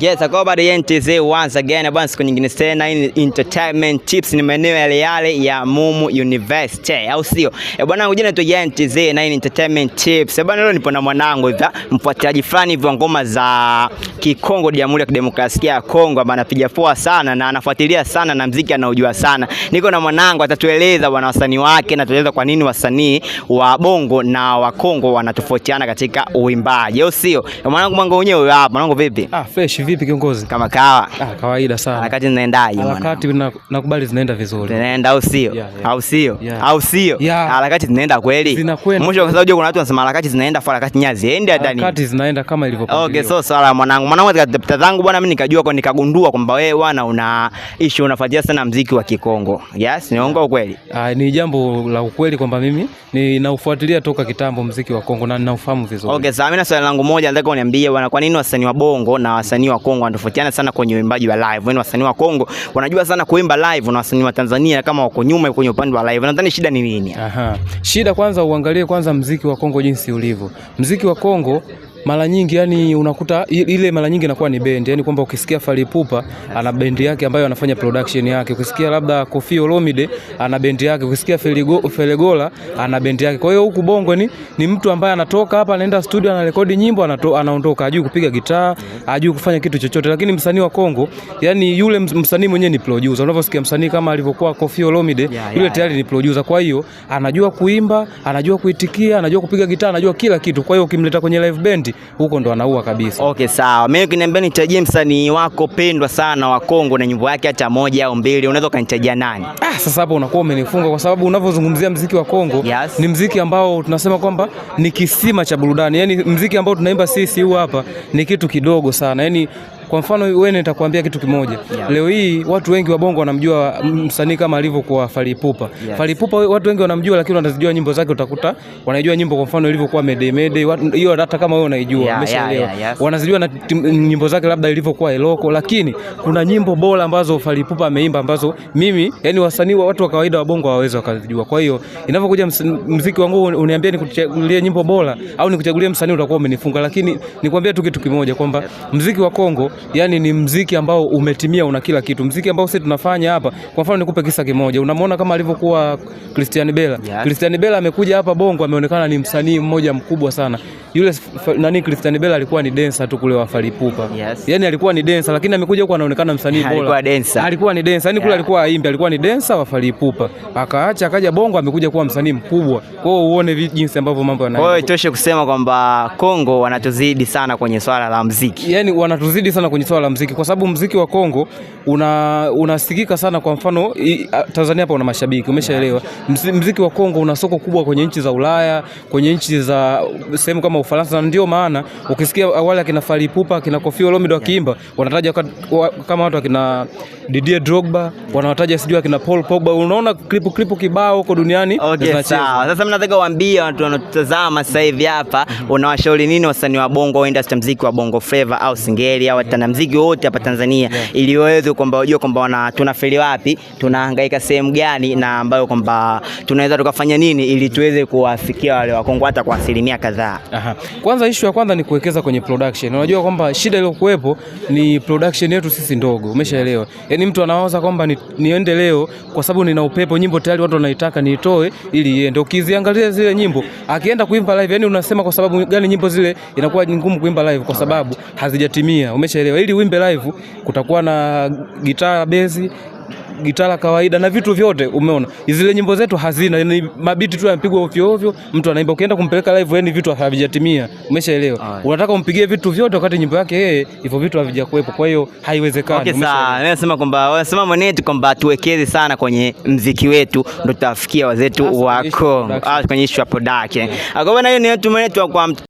Yes, habari ya NTZ once again bwana, siku nyingine tena. Hii entertainment tips ni maeneo yale yale ya Mumu University, au sio? Eh bwana, ujana tu ya NTZ na hii entertainment tips. Eh bwana, leo nipo na mwanangu hivi ah, mfuatiliaji fulani hivi ngoma za Kikongo, Jamhuri ya Kidemokrasia ya Kongo, ambaye anapiga poa sana na anafuatilia sana na mziki anaojua sana. Niko na mwanangu, atatueleza bwana wasanii wake na tueleza kwa nini wasanii wa Bongo na wa Kongo wanatofautiana katika uimbaji, au sio? Eh, mwanangu mwanangu mwenyewe hapa, mwanangu vipi? Ah, fresh Unaishi vipi kiongozi? Kama kawa. Ah, kawaida sana. Harakati zinaendaje mwana? Harakati nakubali zinaenda vizuri. Zinaenda au sio? Au sio? Au sio? Harakati zinaenda kweli. Zinakwenda. Mwisho kwa sababu kuna watu wanasema harakati zinaenda kwa harakati nyazi. Haendi hata nini. Harakati zinaenda kama ilivyopangwa. Okay, so sala mwanangu. Mwanangu katika tafuta zangu bwana mimi nikajua kwa nikagundua kwamba wewe bwana una issue unafuatia sana mziki wa Kikongo. Yes, niongo uongo kweli? Ah, ni jambo la ukweli kwamba mimi ninaufuatilia toka kitambo mziki wa Kongo na ninaufahamu vizuri. Okay, sasa mimi na swali langu moja nataka uniambie bwana kwa nini wasanii wa Bongo na wasanii wasanii wa Kongo wanatofautiana sana kwenye uimbaji wa live. Yaani wasanii wa Kongo wanajua sana kuimba live na wasanii wa Tanzania kama wako nyuma kwenye upande wa live. Nadhani shida ni nini? Aha. Shida kwanza uangalie kwanza mziki wa Kongo jinsi ulivyo. Mziki wa Kongo mara nyingi yani unakuta ile mara nyingi inakuwa ni bendi, yani kwamba ukisikia Fally Ipupa ana bendi yake ambayo anafanya production yake, ukisikia labda Koffi Olomide ana bendi yake, ukisikia Felegola ana bendi yake. Kwa hiyo huku Bongo ni, ni mtu ambaye anatoka hapa anaenda studio anarekodi nyimbo anaondoka, ajui kupiga gitaa, ajui kufanya kitu chochote. Lakini msanii wa Kongo yani yule msanii mwenyewe ni producer. Unavyosikia msanii kama alivyokuwa Koffi Olomide yule tayari ni producer, kwa hiyo anajua kuimba, anajua kuitikia, anajua kupiga gitaa, anajua kila kitu. Kwa hiyo ukimleta kwenye live band huko ndo anaua kabisa. Okay, sawa. Mimi ukiniambia nitajie msanii wako pendwa sana wa Kongo na nyimbo yake hata moja au mbili, unaweza ukanitajia nani? Ah, sasa hapo unakuwa umenifunga kwa sababu unavyozungumzia mziki wa Kongo yes. Ni mziki ambao tunasema kwamba ni kisima cha burudani, yaani mziki ambao tunaimba sisi huu hapa ni kitu kidogo sana, yaani kwa mfano wewe nitakwambia kitu kimoja yeah. Leo hii watu wengi wa bongo wanamjua msanii kama alivyokuwa Falipupa yes. Falipupa watu wengi wanamjua, lakini wanazijua nyimbo zake, utakuta wanaijua nyimbo kwa mfano ilivyokuwa Mede Mede, hiyo hata kama wewe unaijua yeah, umeshaelewa yeah, yeah, yes. Wanazijua na nyimbo zake labda ilivyokuwa Eloko, lakini kuna nyimbo bora ambazo Falipupa ameimba ambazo mimi yani wasanii wa watu wa kawaida wa bongo hawawezi wakazijua. Kwa hiyo inapokuja mziki wangu uniambia nikuchagulie nyimbo bora au nikuchagulie msanii, utakuwa umenifunga, lakini nikwambia tu kitu kimoja kwamba mziki wa Kongo yani ni mziki ambao umetimia, una kila kitu. Mziki ambao sisi tunafanya hapa, kwa mfano nikupe kisa kimoja, unamwona kama alivyokuwa Christian Bella. Yes. Christian Bella amekuja hapa Bongo, ameonekana ni msanii mmoja mkubwa sana. Yule nani, Christian Bella alikuwa ni dancer tu kule wa Falipupa. Yes. Yani alikuwa ni dancer, lakini amekuja huko anaonekana msanii bora. Alikuwa dancer. Alikuwa ni dancer. Yani kule alikuwa aimbi, alikuwa ni dancer wa Falipupa. Akaacha akaja Bongo amekuja kuwa msanii mkubwa. Kwa hiyo uone jinsi ambavyo mambo yanaenda. Kwa hiyo itoshe kusema kwamba Kongo wanatuzidi sana kwenye swala la muziki. Yani wanatuzidi sana sana kwenye swala la mziki kwa sababu mziki wa Kongo una unasikika sana. Kwa mfano i, Tanzania hapa una mashabiki, umeshaelewa. Mziki wa Kongo una soko kubwa kwenye nchi za Ulaya, kwenye nchi za sehemu kama Ufaransa, na ndio maana ukisikia wale akina Fally Ipupa, akina Koffi Olomide wakiimba wanataja kama watu akina Didier Drogba, wanawataja sijui akina Paul Pogba. Unaona klipu klipu kibao huko duniani. Okay, sawa. Sasa mimi nataka waambie watu wanatazama sasa hivi hapa, mhm. unawashauri nini wasanii wa Bongo au industry muziki wa Bongo Flava au Singeli au na mziki wote hapa Tanzania yeah. ili waweze kwamba wajue kwamba tunafeli wapi, tunahangaika sehemu gani, na ambayo kwamba tunaweza tukafanya nini ili tuweze kuwafikia wale Wakongo hata kwa asilimia kadhaa. Kwanza issue ya kwanza ni kuwekeza kwenye production. Unajua kwamba shida iliyokuwepo ni production yetu sisi ndogo, umeshaelewa? Yaani mtu anawaza kwamba niende ni, leo kwa sababu nina upepo, nyimbo tayari watu wanaitaka niitoe ili iende. Ukiziangalia zile nyimbo akienda kuimba live, yani unasema kwa sababu gani nyimbo zile inakuwa ngumu kuimba live kwa sababu hazijatimia, umeshaelewa? unaelewa. Ili wimbe live kutakuwa na gitaa, bezi gitara kawaida na vitu vyote. Umeona zile nyimbo zetu hazina, ni mabiti tu yanapigwa ovyo ovyo, mtu anaimba. Ukienda kumpeleka live, yani vitu havijatimia. Umeshaelewa? Unataka umpigie vitu vyote wakati nyimbo yake yeye, hivyo vitu havijakuepo, kwa hiyo haiwezekani. Okay, sawa. Nasema kwamba wanasema mwenetu kwamba tuwekeze sana kwenye mziki wetu, ndio tutafikia wazetu wako ah, kwenye issue ya production. Eh. Akawa ah, na hiyo ni mwenetu kwa